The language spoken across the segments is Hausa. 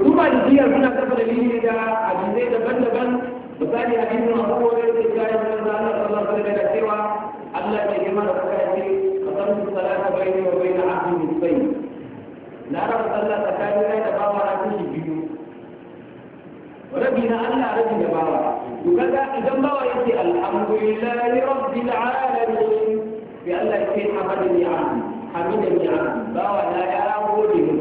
hukuma da jiya suna kafa da lili da hadisai daban-daban misali hadisin abu wani da ya yi wani zanen sallar sallar da cewa Allah ke nema da kuka yace kasan salata bai ne wa bai na abin misbai na raba sallah tsakanin rai da bawa na kashi biyu rabi na Allah rabi da bawa to kaga idan bawa yace alhamdulillahi rabbil alamin bi Allah ke hamdani abdi hamdani abdi bawa na ya gode mu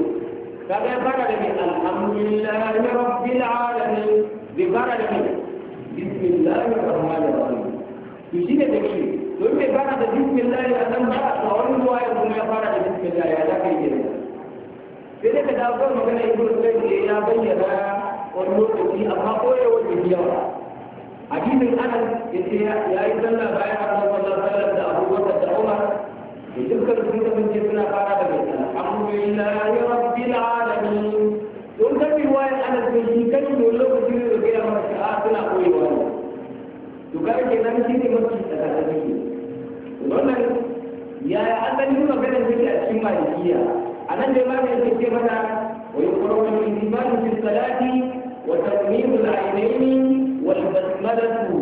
kaga fara da mai alhamdulillahi rabbil alamin bi fara da bismillahir rahmanir rahim to shine da shi don bai fara da bismillahi a nan ba a wani ruwa ya kuma ya fara da bismillahi ya zaka yi sai dai ka dawo magana ibnu qayyim ya bayyana wani lokaci amma koyewar da yawa hadisin anas yace ya yi sallah bayan annabi sallallahu alaihi wasallam da Abu da Umar dukkan su da mun je suna fara da mai alhamdulillahi rabbil azumi don kan riwaya ana cikin shi kan yi wani da gaya mana ta a ah, suna koyewa ne to kaga ke nan shi ne mafi tsakatsaki wannan yaya asalin maganar take a cikin malikiya a nan dai maganar ce mana wa yuqrabu al-imanu fi salati wa taqmimu al-aynaini wal basmalatu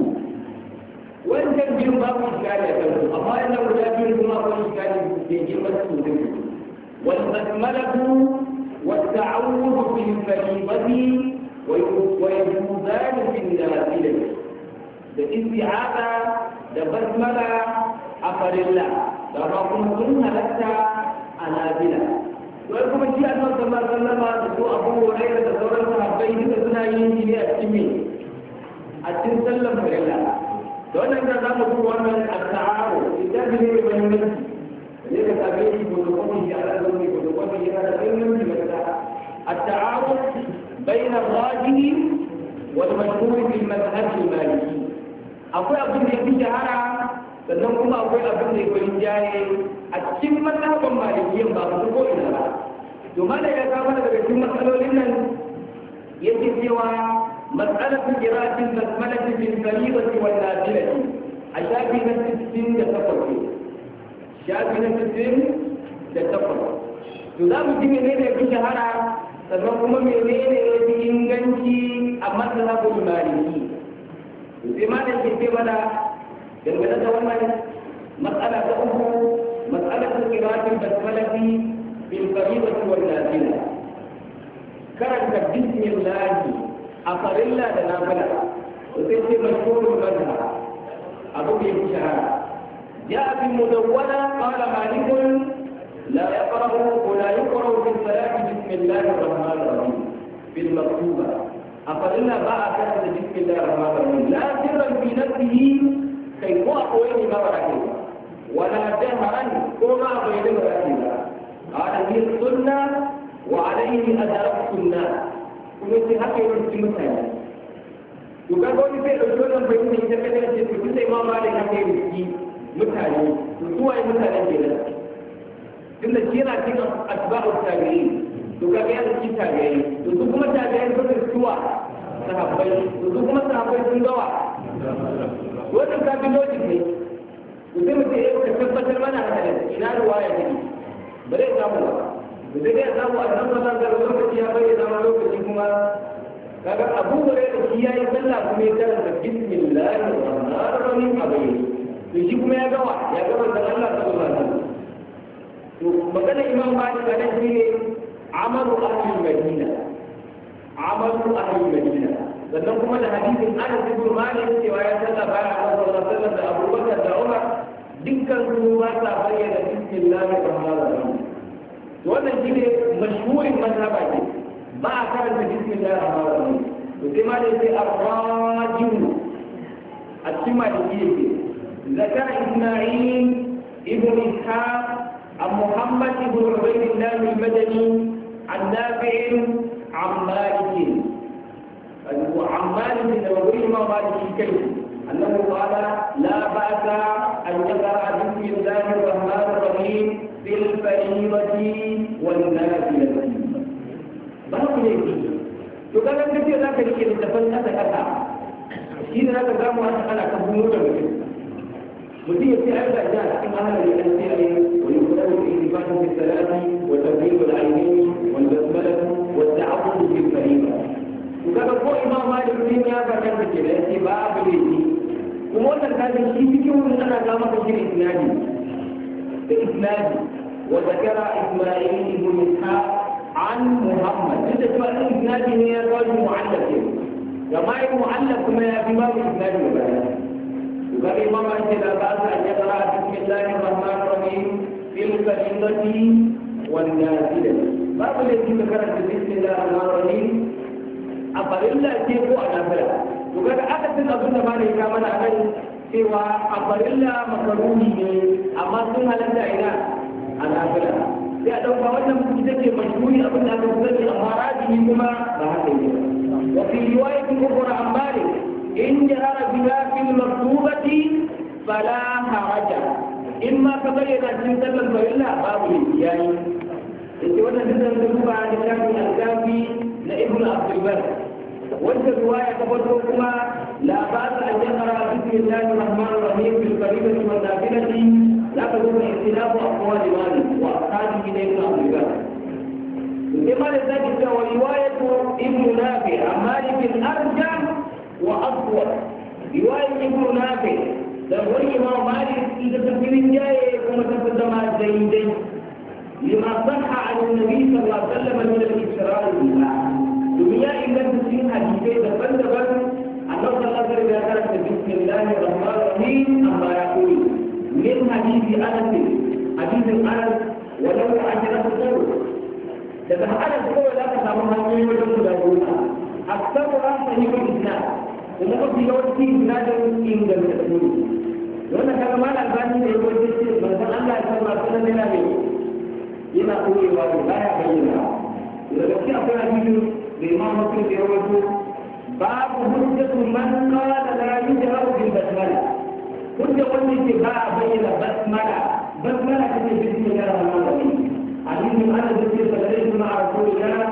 wancan biyun babu iskali a kansu amma ina guda biyun kuma akwai iskali da girman su da wal basmalatu والتعوذ في الفريضة ويجوزان في النافلة الاستعاذة da basmala a farilla da ba kuma sun gida. a nafila wai kuma shi a nan sallar sallama da su abu horaira da sauran sahabbai duka suna yin shi ne a cikin me a cikin sallar farilla da wannan da za mu ne لأن تابعي da على أدوني بوتوكومي على أدوني sannan kuma akwai abin da ya kwarin jaye a cikin mazhaban malikiyan ba su ko ina ba to mana ya kama daga cikin matsalolin nan yake cewa matsalatu qira'atin basmalati fil fariidati wannan nafilati a shafi na 68 shafi na da takwas to za mu ji ne ya fi shahara sannan kuma menene ne fi inganci a mazhabul maliki to sai ma da ke ce mana dangane da wannan matsala ta uku matsala ta kiratin basmalati bil fariidati wal nafila karanta bismillah a farilla da nafila to sai ce mashhurul madhhab abu ne shahara جاء في المدونة قال مالك لا يقرأ ولا يقرأ في الصلاة بسم الله الرحمن الرحيم في المكتوبة أقلنا بقى كتب بسم الله الرحمن الرحيم لا سرا في نفسه كي هو ما بعده ولا جهرا كما أقوين مرة قال هي السنة وعليه أدركت الناس kuma sai haka yi wasu mutane to ga wani sai ɗauki wannan bayanin ita kadai ce to duk sai ma mutane to suwaye mutane ke nan tunda shi yana cikin asba'u tabi'in to kaga yana cikin tabi'ai to su kuma tabi'ai sun suwa sahabbai to su kuma sahabbai sun gawa wannan kafin lokacin ne to sai mutum ya ka tabbatar mana haka ina ruwaya take bare samu ba da sai ya samu nan ba zan lokaci ya bayyana ma lokaci kuma kaga abubuwa ya da shi yayi sallah kuma ya karanta bismillahir rahmanir rahim a bayyana to shi kuma ya gawa ya gawa da Allah da Allah nan to magana imam malik a nan shine amalu ahli madina amalu ahli madina sannan kuma da hadisin anas ibn malik cewa ya salla baya Allah sallallahu alaihi wasallam da Abu Bakar da umar dukkan su ba sa bayyana bismillah rahmanir rahim to wannan shine mashhurin mazhaba ne ba a karanta bismillah rahmanir rahim to sai ma da sai arrajim a cikin maliki ne ذكر إسماعيل ابن إسحاق عن محمد بن عبيد الله المدني عن نافع عن مالك وعن مالك وغير مالك الكلب أنه قال لا بأس أن يقرأ بسم الله الرحمن الرحيم في الفريضة والنافلة babu ne ke to kaga kace za ka rike littafin kasa kasa shi ne za ka samu wata ana kan buno da mutum مدير في عبد الناس كما هذا للأنسئة ويقدر الانتفاع في الثلاث وتبريد العينين والبسملة والتعبد في الفريضة وكان هو إمام مالك الدين يا فكان في كده باب ليدي وموتا كان في فكر من أنا قام في الإسنادي الإسنادي وذكر إسماعيل ابن إسحاق عن محمد أنت تسمع الإسنادي هي رجل معلق يا يكون معلق كما في باب الإسنادي وقال إمام أنت لاباس أن يقرأ بسم الله الرحمن الرحيم في الفريضة والنازلة ما هو الذي ذكرت بسم الله الرحمن الرحيم أقل الله كيف أنا فلا وقال أحسن أظن ما لك من أقل سوى أقل الله مكروهي أما سنها لن دعينا أنا فلا sai a ɗauka wannan ita ce mashhuri abin da aka sani amma rajihi kuma ba haka yake ba wa fi riwayatin ukhra an malik in jarara biha fil maqtu فلا حرج إما كبر إذا جنسك الفيلا بابه يعني إنتي وانا جنسك الفيلا عن الشاب من الكافي لإبن الأطيبات وانت الرواية كبرت وكما لا بأس أن يقرأ بسم الله الرحمن الرحيم في القريبة والنافلة لا تكون اختلاف أقوال إمام وأصحابه لإبن الأطيبات إما لذلك ورواية ابن نافع عن مالك الأرجح وأطول رواية ابن نافع da wani imam malik ita ta fi rinjaye kuma ta fi zama daidai lima sahha an annabi sallallahu alaihi wasallam min al-isra'i billah domin ya inganta cikin hadisai daban-daban annabi sallallahu alaihi wasallam ya karanta bismillahir rahmanir rahim amma ya koyi min hadisi anas hadisin anas walau ajratu qawm daga anas kawai za ka samu hanyoyi wajen guda goma aksaru rahmanin islam kuma mafi yawanci isnadin ingantattu ne wannan kaga mala albani da yawon jirgin manzan Allah ya san masu nan yana mai yana koyewa ne ba ya bayyana da gaske akwai hadisi da imam mutum da yawon su babu hujjatu man qala la yujharu bil basmala hujja wanda ke ba a bayyana basmala basmala ce jirgin ya rawa malami عليه a ذكر فليس مع رسول الله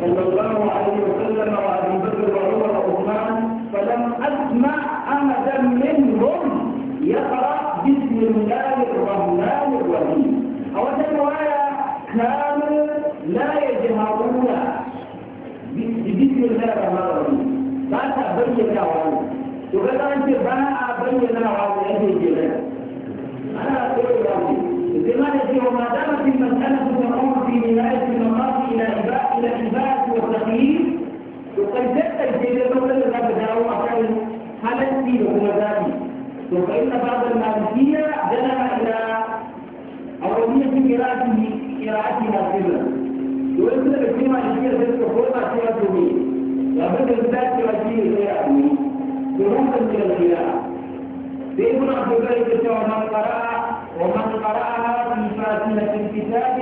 صلى الله عليه وسلم وأبي بكر وعمر وعثمان فلم أسمع أحدا منهم يقرأ بسم الله الرحمن الرحيم أو رواية كامل لا يجهرون بسم الله الرحمن الرحيم بعد بينا وعلا وقد أنت باع بينا وعلا يجي أنا أقول لهم كما نجي وما دامت المسألة تقوم في نهاية المطاف إلى إباء إلى إباء والتقييم وقد جدت الجيل الأول الذي دعوه عشان هل أنت وفإن بعض المالكية ذهب إلى أولية قراءته قراءته نافذة ويقول لك في مالكية ذلك في سيرته وبدل ذات في غيره دروسا من القراءة عبد في ذلك ومن قرأ ومن قرأها في فاتنة الكتاب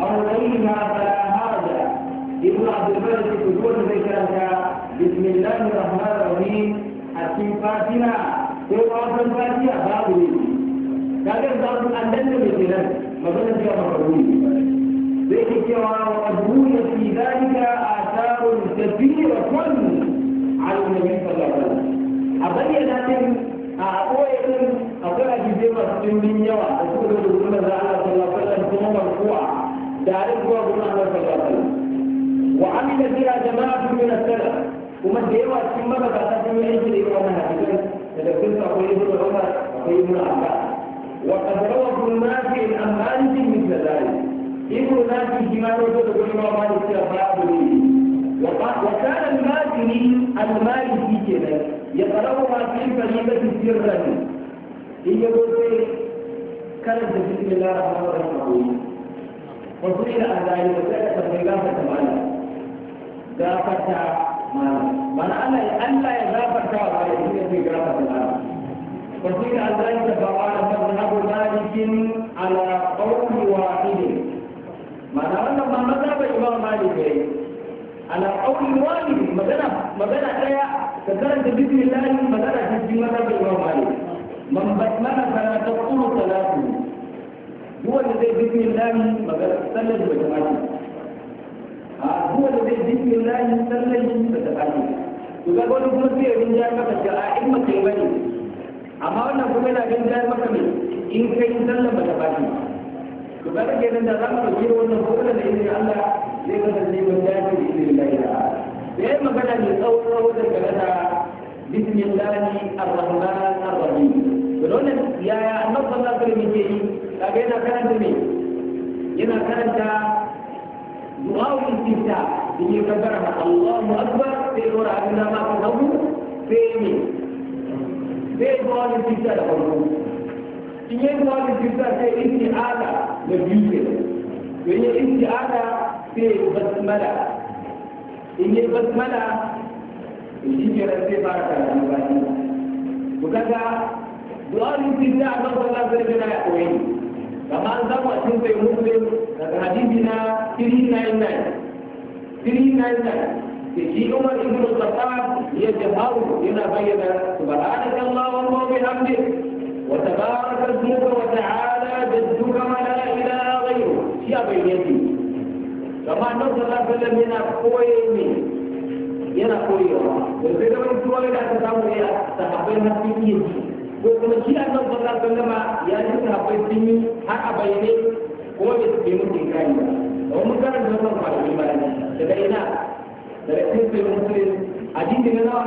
أو غيرها فلا هذا ابن عبد البر يقول لك ذكرك بسم الله الرحمن الرحيم التي فاتنه ko kawatan fatiya babu ne kaga za su an danna mai kenan magana cewa makaruni zai ke cewa wa adbuya fi dalika atharun kathiratun ala nabi sallallahu alaihi a bayyana din a koyi din akwai hadisi masu dimbin yawa da suka zo da sunan da Allah sallallahu alaihi wasallam kuma marfu'a da alikuwa kuma Allah sallallahu alaihi wasallam wa amila biha jama'atun min as-salaf kuma da yawa cikin magabata ta yi yankin da yawa. إذا كنت أقول ابن عمر أقول وقد روى ابن نافع عن مالك مثل ذلك ابن نافع كما يقول ابن مالك يا وكان المالكي المالكي كده يقرأها في الفريضة سرا إن يقول كانت بسم الله الرحمن الرحيم وسئل أهل ذلك فقال فتمالك ذاك mana Allah ya Allah ya gafarta wa ya yi zai gafarta wa kila Allah ya bawa da abu malikin ala qawli wahidin mana wannan ma maza imam malik yayi ala qawli wahidin magana magana daya ka karanta bismillah magana ta ji maza imam malik man batmana fala taqulu salatu duk zai bismillah magana sallar da jama'a ba zuwa da zai zikin lahi sallan yin da tafi to ga wani kuma sai ya maka da a in mace ba ne amma wannan kuma yana rinja maka ne in kai sallan ba ta fashi to ga rage nan da za mu ɗauki wannan kuma da izinin Allah zai kasance mun dace da izinin lahi ta'ala sai magana mai tsawo wajen game da bismillahi karanta yana karanta du'a istifta in yi Allahu akbar sai dora abin da ma ka hagu sai ne sai du'a istifta da farko in yi du'a istifta sai isti'ada da biyu basmala in basmala shi ke nan sai fara karatu ba ya koyi كما أنزل وأتين في مسلم حديثنا 399 399 في عمر بن الخطاب يجهر إلى بين سبحانك اللهم وبحمدك وتبارك اسمك وتعالى جدك ولا إله غيرك يا بيتي كما أنه صلى الله عليه وسلم يقول yana koyewa da zai gaban tuwa yana ta samu ya sahabbai na fiye ko kuma shi a nan sallallahu alaihi wasallam ya ji sahabbai sun yi har a bayyane kuma bai bai mutu kai ba don mun karanta wannan kwanaki ba ne daga ina daga cikin sai muslim hadisi na nawa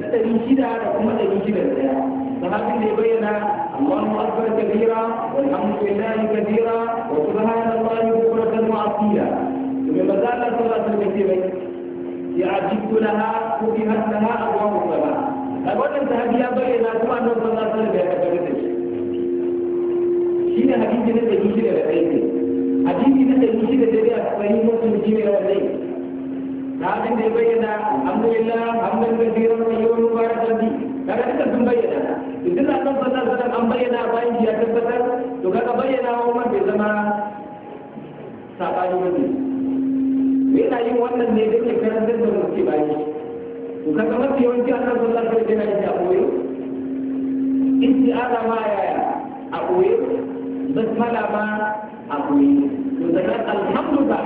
na ɗari shida da kuma ɗari shida da ɗaya sahabin da ya bayyana Allahu akbar kabira walhamdulillahi kabira wa subhanallahi bukratan wa asila to me manzo Allah sallallahu alaihi wasallam ya ce bai ya ajibtu laha kubihat laha abwaabu samaa a wannan sahabi ya bayyana kuma annabi sallallahu alaihi wasallam ya tabbatar da shi shine hadisi na dari shida da ɗaya ne hadisi na dari shida da ɗaya a sahih muslim shine wannan kafin da ya bayyana alhamdulillah hamdan kathira wa yawm mubarak bi kaga duka sun bayyana idan to kaga mafi yawanci a kan sallar kai yana yin a koyo isti'aza ma yaya a koyo basmala ma a koyo to daga alhamdulillah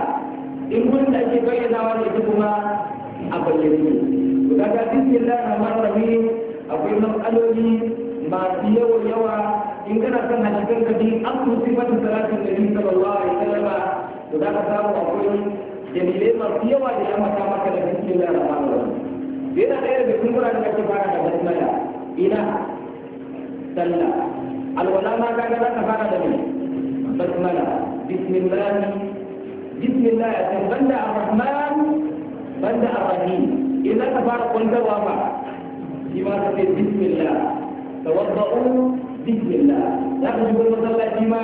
in wanda ake bayyanawa ne kuma a bayyane to kaga bismillah rahman rahim akwai matsaloli masu yawa yawa in kana son hadisan ka bi an su sifatu salatin nabi sallallahu alaihi wasallam to za ka samu akwai dalilai masu yawa da ya mata maka da bismillah rahman rahim yana ɗaya daga cikin wuraren da ake fara da basmala ina sallah alwala ma ga za ka fara da mai basmala bismillah bismillah ya san banda arrahman banda arrahim idan ka fara kwantarwa ba shi ma ka ce bismillah tawadda'u bismillah za ka shigo masallaci ma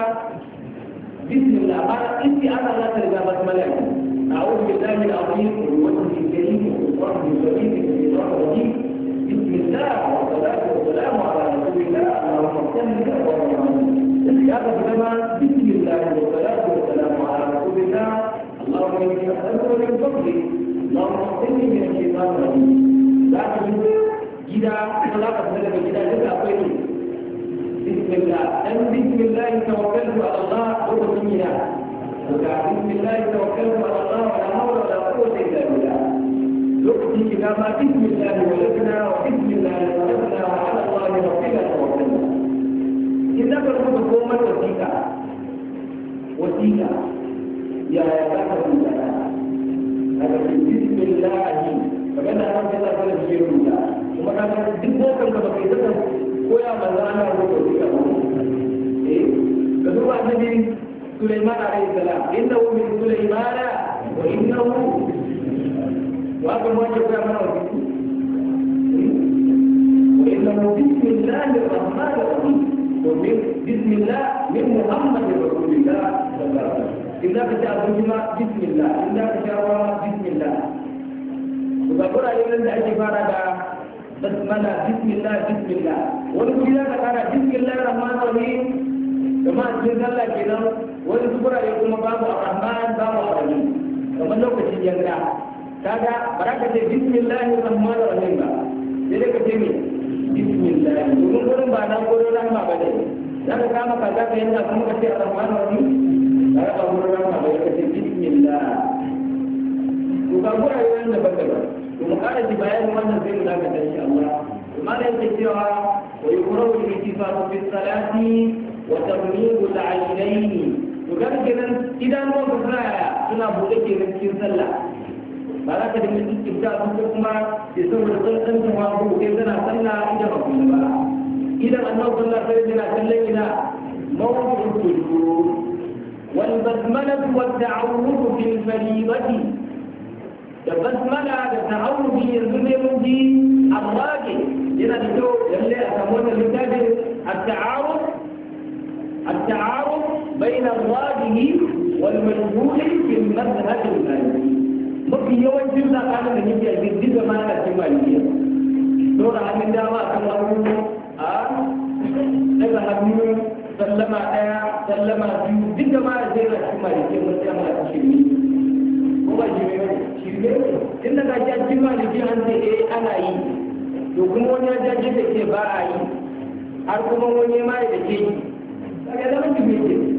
bismillah ba isti'ana za ta riga basmala ne أعوذ بالله العظيم والوزن الكريم والقرآن الكريم الشيطان الرجيم بسم الله والصلاة والسلام على رسول الله اللهم صل وسلم الإجابة لما بسم الله والصلاة والسلام على رسول الله اللهم إني أسألك من فضلك اللهم اغفرني من الشيطان الرجيم ذاك gida salaka da daga gida duka akwai الله bismillah dan bismillah tawakkaltu ala Allah wa bihi وتعبيد الله توكلنا على الله ولا حول ولا قوة إلا بالله نؤتي إلى ما بإذن الله ولدنا وبإذن الله ولدنا وعلى الله ربنا توكلنا اذا إنما الحكومة وثيقة وثيقة يا يا الله هذا بإذن الله فكان أنا في الله فلا تشير الله وما كان دبوكا كما قيدتك ويا من لا أنا أقول لك إيه فدوا النبي سليمان عليه السلام إنه من سليمان وإنه وأقول واجب يا من وإنه بسم الله الرحمن الرحيم ومن بسم الله من محمد رسول الله صلى الله عليه وسلم إذا كتاب بسم الله إذا كتاب بسم الله وذكر أيضا أن عبارة basmala bismillah bismillah wani guri za ka kara bismillah rahman rahim da ma cikin sallah kenan wani gurare kuma babu arrahman babu arrahim kamar lokacin yanka kaga baraka ce bismillahi rahman rahim ba sai ka ce me bismillahi domin gurin ba nan gurin rahma ba ne za ka kama ka kuma ka ce arrahman rahim ba ka gurin rahma ba ka ce ka mu kara ji bayanin wannan mu kuma da yake cewa العينين kaga kenan idanuwan ka suna suna buɗe kenan cikin sallah ba za ka dinga tsifta su ko kuma ya ko kai tana sallah ba kuma ba idan annabi yana kallon ina wal fil fariidati da basmala da yanzu ne mun ji yana da kyau lalle a samu wannan littafin at at بين الراجل والمجهول في المذهب المالي mafi yawancin zakanin da nake yi duk da mana cikin malikiya dora hannun dama kan hannu a daga hannu sallama daya sallama biyu duk da mana zai na cikin malikiya mun tsaya mana cikin ko ba shirme shirme tun daga cikin malikiya an ce eh ana yi to kuma wani jajin da ke ba a yi har kuma wani ma da ke yi zaman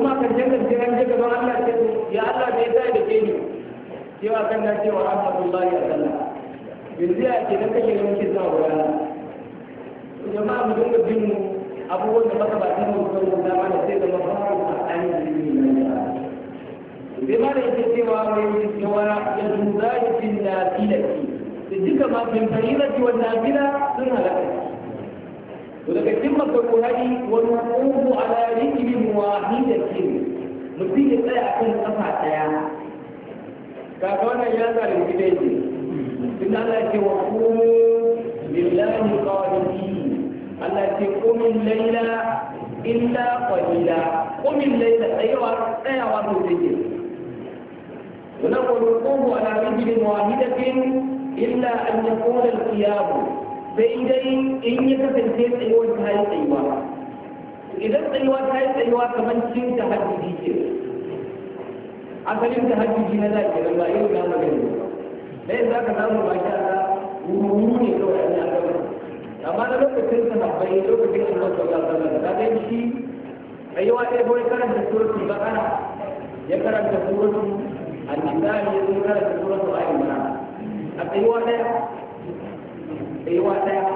kuma kan je kan je an je gaban Allah ce ya Allah bai sai da ke ni cewa kan na cewa rahmatullahi a sallah yanzu ya ke nan kake yanki zuwa wurin jama'a mu dinga bin abubuwan da maka ba ta mu kan da mana sai da mafarin tsakani da ni na ya bai ma da yake cewa mai cewa ya zuwa yin nafilati da duka ma kin fahimta wannan nafila sun halaka ولكن مطلقه هذه ونقوم على رجل واحد الكلمة نبتدي الآية عشان نصفع التيام كأخوانا يا زال إن الله يتوقون لله قادمين الله يتوقون الليلة إلا قليلا قم الليلة أيوة أيوة الليلة أيوة، أيوة. ونقول نقوم على رجل واحدة إلا أن يكون القيام sai dai in ya kasance tsayuwar ta yi tsayuwa idan tsayuwa ta yi tsayuwa kamar cin ta hajji ke asalin ta hajji na za ke ba yin mu magana da yin za ka samu ba ta ta wuru ne kawai an yi gaba amma na lokacin ta habbai lokacin da wata ba ta zama ta dai shi tsayuwa ɗaya kawai karanta surutu ba ana ya karanta surutu an ne ya zo karanta surutu a yi a tsayuwa ɗaya tsayuwa ɗaya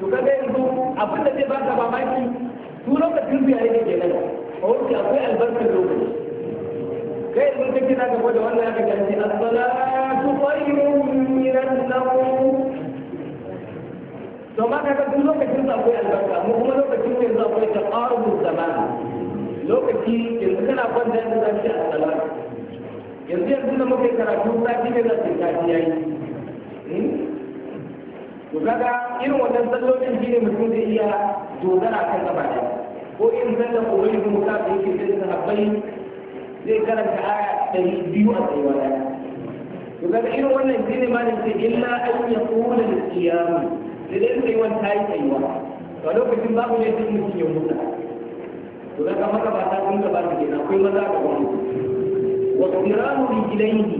to kaga yanzu abin da zai baka mamaki su lokacin su yayi ke nan a wuce akwai albarkar lokaci kai yanzu kake na gaba da wannan aka ganci as-salatu khayrun min an-nawm to ma kaga duk lokacin su akwai albarka mu kuma lokacin su yanzu akwai taqarubus zamani lokaci yanzu kana kwanta yanzu za ki asala yanzu yanzu da muke karatu sati ne za ki tafi yayi hmm? to kaga irin wannan sallolin shi ne mutum zai iya dogara kan gaba da ko irin sallar koyon da mutum da yake da sahabbai zai karanta aya ɗari biyu a tsayuwa ɗaya to kaga irin wannan shi ne malin sai illa an ya kula da tsiyamu da dai tsayuwan ta yi tsayuwa to lokacin babu ne sai mutum ya mutu to kaga maka ba ta kun gaba da kenan akwai maza ga wani wa kiramu rijlaihi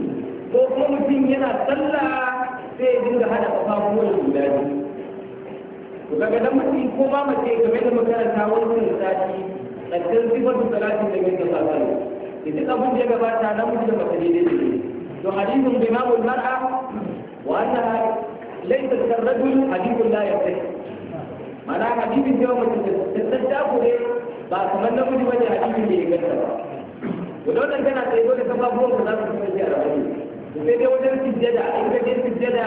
ko kuma mutum yana sallah sai dinga hada kafafuwan guda biyu to kaga dan mutum ko ma mace game da makaranta wannan sati tsakkar sifatu salatin da yake sa kan idan abin da ya gabata na mutum da mace daidai ne to hadithun bi imamul mar'a wa annaha laysa karrajul hadithun la yasih mana hadithin da mutum da tsaddako ne ba kamar namiji bane hadithin da ya gata ba to dan kana sai dole kafafuwan ka za su kasance a rabu sai dai wajen sujjada in ka je sujjada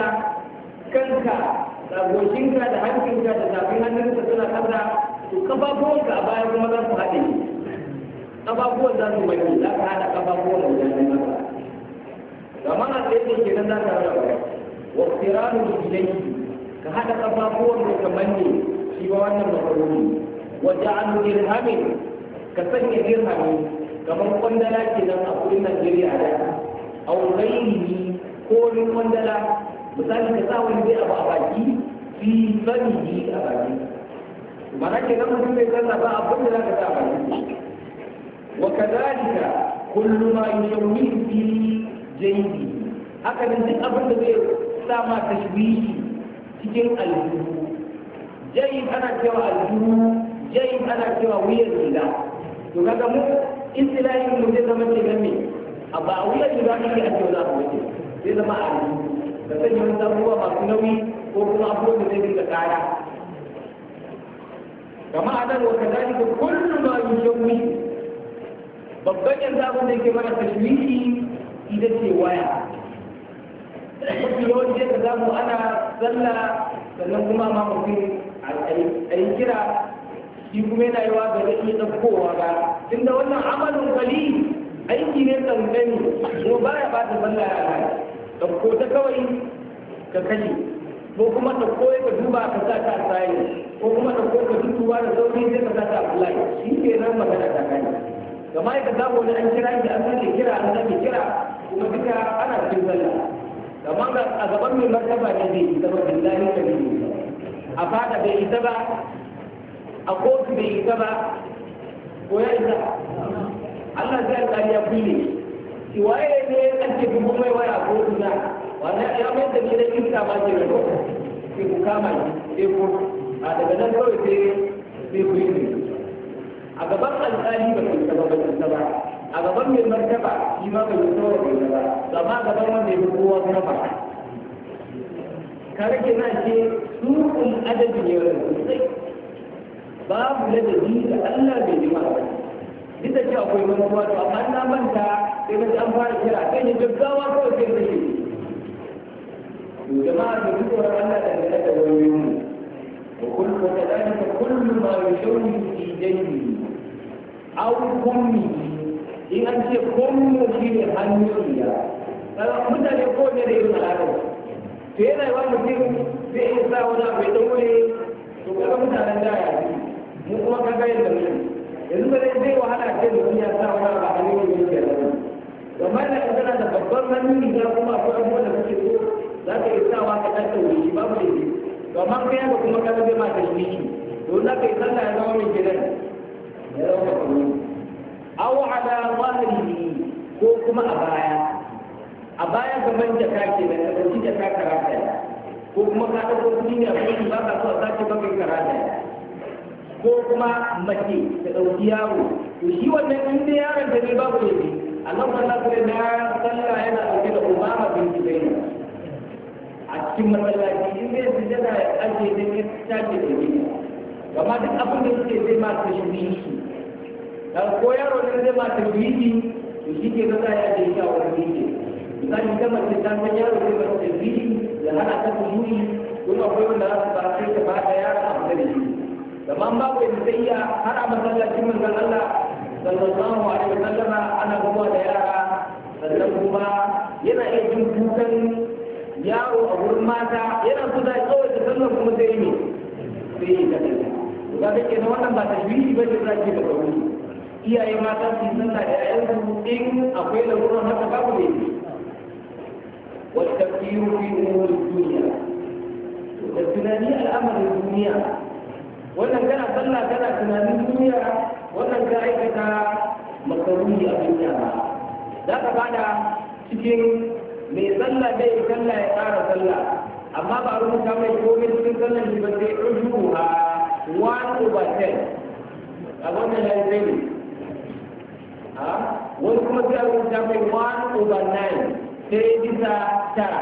kanka da goshinka da hankinka da zafin hannunka suna kasa to kafafuwanka a baya kuma za su haɗe kafafuwan za su mai za ka haɗa kafafuwan da jami'ai maka gama a tsaye da ke nan za ka haɗa wa tsiranu da ilaiki ka haɗa kafafuwan da kamar ne shi ba wannan makaroni wa ja'alu dirhamin ka sanya dirhamin kamar kwandala ke nan a kudin Najeriya da au ghairihi ko min wandala misali ka sa wani zai abu a baki fi fanihi a baki mana ke nan mutum bai san ba abin da zaka sa a baki wa kadalika kullu ma yusawwi fi jaybi haka nan duk abin da zai sa ma tashwishi cikin aljihu jayin ana cewa aljihu jayin ana cewa wuyan gida to kaga mu istilahin mu zai zama ce game amma a wuyan da za ka yi ake wani abu wuce, zai zama a yi da yi wanda abubuwa masu nauyi ko kuma abubuwan da zai dinga kaya kama a nan wata zaɗi ko kullum ma yi shawwi babban 'yan abin da yake mana tashwishi ita ce waya mafi yawanci ka zamu ana sallah sannan kuma ma mutum a yi kira shi kuma yana yi wa ga zai iya ɗaukowa ba inda wannan amalin kwali aiki ne tsanani ko ya ba ta sallah ya hana ko ta kawai ka kashe ko kuma ta koya ka duba ka sa ta tsaye ko kuma ta koyi ka tutuwa da sauri sai ka sa ta apply shi ke nan magana ta kai gama ya ka samu wani an kira inda an sake kira an sake kira kuma duka ana cikin sallah kamar ga a gaban mai martaba ne zai yi zama billahi ka ne a fada bai yi ba a kotu bai yi ba ko ya isa Allah zai kariya kulle shi waye ne ya kace mu mai waya ko ina wannan ya mai da ni da kinta ba ke ko ki ku kama shi ke ko a daga nan kawai sai sai ku yi a gaban alƙali ba ku saba ba ku saba a gaban mai martaba shi ma ba ku saba ba ku saba gaban wanda ya kowa kuma ba kare ke na ce su kun adadin yawan sosai babu ladabi da Allah bai jima yan uwa to amma na manta sai na an fara kira sai ne gaggawa kawai sai kashe jama'a da duk wani Allah da kada da wani mu wa kullu kadalika kullu ma yushawi fi dayni aw kummi in an ce kummu shine hannun ya mutane ko ne da irin al'adar to yana yi mutum zai iya sa wani abu ya daure to kaga mutanen da ya mu kuma kaga yadda mutum yanzu ba zai wahala ce da ya sa wani ba a yau ne ke da domin da ka tana da babban hannu kuma akwai abubuwan da kake so za ka yi sawa ka ɗan ɗaure shi babu da shi domin kai haka kuma ka zama da shi to za ka sallah ya zama mai gidan ya zama kamar aw ala zahirihi ko kuma a baya a baya gaban jaka ke da ka ɗauki jaka karata ko kuma ka ɗauko kuɗi ne a kuɗi ba ka so a sake bakin karata ko kuma mace ta ɗauki yaro to shi wannan in dai yaron da ne babu laifi Allah sallallahu alaihi wasallam sallah yana ɗauke da Umama bin Zubair a cikin masallaci in dai su jana ya aje da ya tace da gida amma duk abin da suke zai ma tashbihi dan ko yaro ne zai ma tashbihi to shi ke zata ya ce ya wani ne misali ta mace ta san yaro zai ma tashbihi da hana ta kuma akwai wanda za su ba sai ta ba da yaron abu da shi da ba babu yadda zai iya har a masallacin manzon Allah sallallahu alaihi wasallama ana kuma da yara sannan kuma yana iya jin kukan yaro a wurin mata yana so da kawai da sallar kuma sai ne sai yi kaɗai ga wannan ba ba za ki da iyaye mata su yi da in akwai haka babu ne والتفكير في الدنيا الدنيا wannan kana sallah kana tunanin duniya wannan ka aikata makaruni a duniya za ka bada cikin mai sallah dai sallah ya kara sallah amma ba a rubuta mai komai cikin sallah ne ba sai ha one over ten a wannan ya yi zai ne wani kuma sai a rubuta mai one over nine sai bisa tara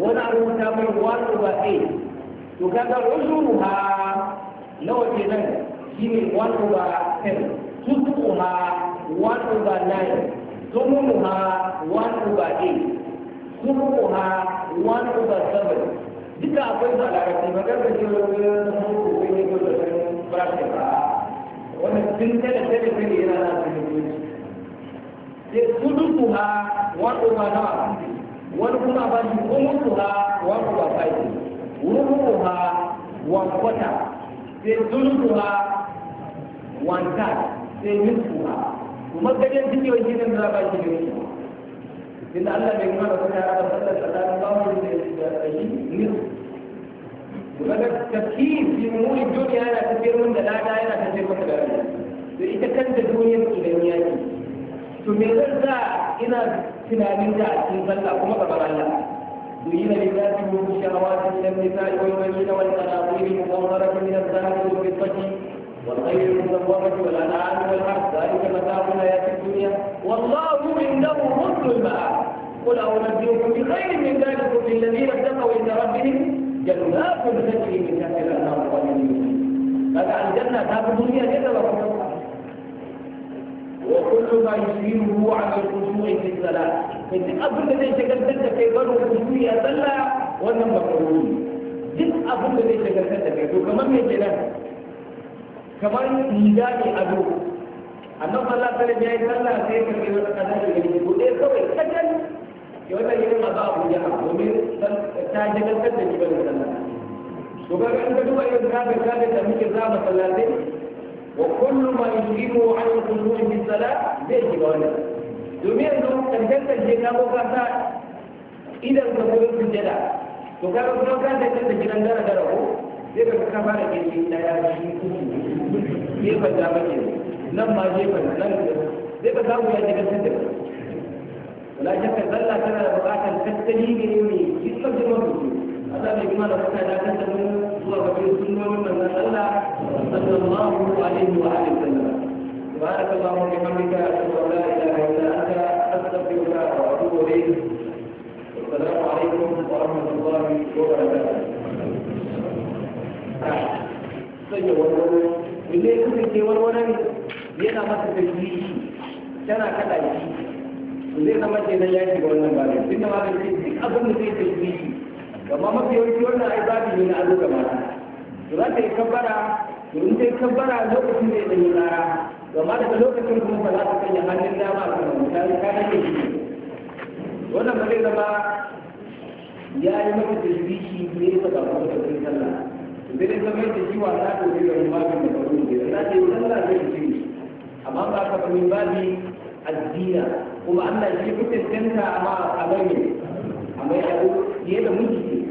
wani a rubuta mai one over eight to kaga ha. nawa kenan ne 1 over 10 ha 1 over 9 ha 1 over 8 ha 1 over 7 duka akwai su a larabci magar da ke wajen suru ko ne ko da san ba wanda tun tana tana tana yana na su ne sai suduha 1 over nawa wani kuma ba shi umutuha 1 over 5 ruhuha 1 sai zulkuwa wanta sai niskuwa kuma gajen cikin yau ne za ba shi ne shi inda Allah bai kuma da kuma ya raba sallar tsakanin babu da shi niskuwa daga tafkir fi umuri duniya yana tafiyar mun da lada yana tafiyar mun da rayuwa to ita kanta duniyar idan ya ce to me zan sa ina tunanin da a cikin sallah kuma gaban Allah to yi na lillahi wa shawati da nisa'i wal banina wal qara والخير المزوجة والأنعام والحرث ذلك متاع الحياة الدنيا والله عنده حسن المآب قل أنبئكم بخير من ذلك للذين اتقوا عند ربهم جنات تجري من تحتها الأنهار خالدين هذا عن الجنة هذا الدنيا جل وعلا وكل ما يشيره عن الخشوع في الصلاة إن أبدا ليس قد كيف الخشوع يتلى وأنا مقبول جد أبدا ليس قد في كمان يجي kamar riga ne ado annabi sallallahu alaihi da ya yi sallah sai ka kai wata kana da gani ko dai kawai kadan ya wata a masu abuja domin ta jagantar da ni bane sallah to ga kan ka duba irin kafin kafin da muke za mu sallatai wa kullu ma yushimu an al-qulub bi salat zai ba wannan domin yanzu karshen karshe ka ko ka sa idan ka sun sujada to ka ga ka da gidan gara gara ko zai ka kama da ke daya shi gefen da mace nan ma gefen nan zai ka samu ya shiga sun da wala shakka zalla tana da bukatar tattali ne mai kisar da mafi Allah mai kuma da kuka da kan sanin zuwa ga cikin sunnonin manzon Allah sallallahu alaihi wa alihi wasallam سبحانك اللهم وبحمدك أشهد أن لا إله إلا أنت أستغفرك وأتوب إليك والسلام عليكم ورحمة الله وبركاته sanya warware inda ya kasance warware yana masa tafiyi tana kada shi zai zama ke nan yaki ga wannan babin duk da babin sai duk abin da zai tafi shi gama mafi yawanci wannan ai babi ne na azo gaba to za ta yi kabbara to in ta yi kabbara lokacin da ya ɗanyi tsara gama daga lokacin kuma ba za ta sanya hannun dama a kan misali ta nake shi wannan ba zai zama ya yi maka tafi shi ne ta ba kuma da sallah da ne zama da shi wasa ko da yawan babin da karu da za ta yi sallah da shi amma ba ka fi babi addina kuma Allah shi kuka tanta amma a bane amma ya ko fiye da miji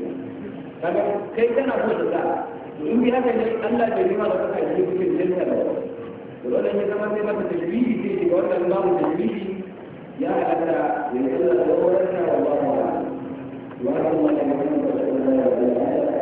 kaga kai kana so da in bi haka ne Allah bai yi maka kaka shi kuka tanta ba to wannan ya zama sai maka tashbihi sai shiga wannan babu tashbihi ya halatta ya yi sallah da wannan wallahu a'lam wa rahmatullahi wa barakatuh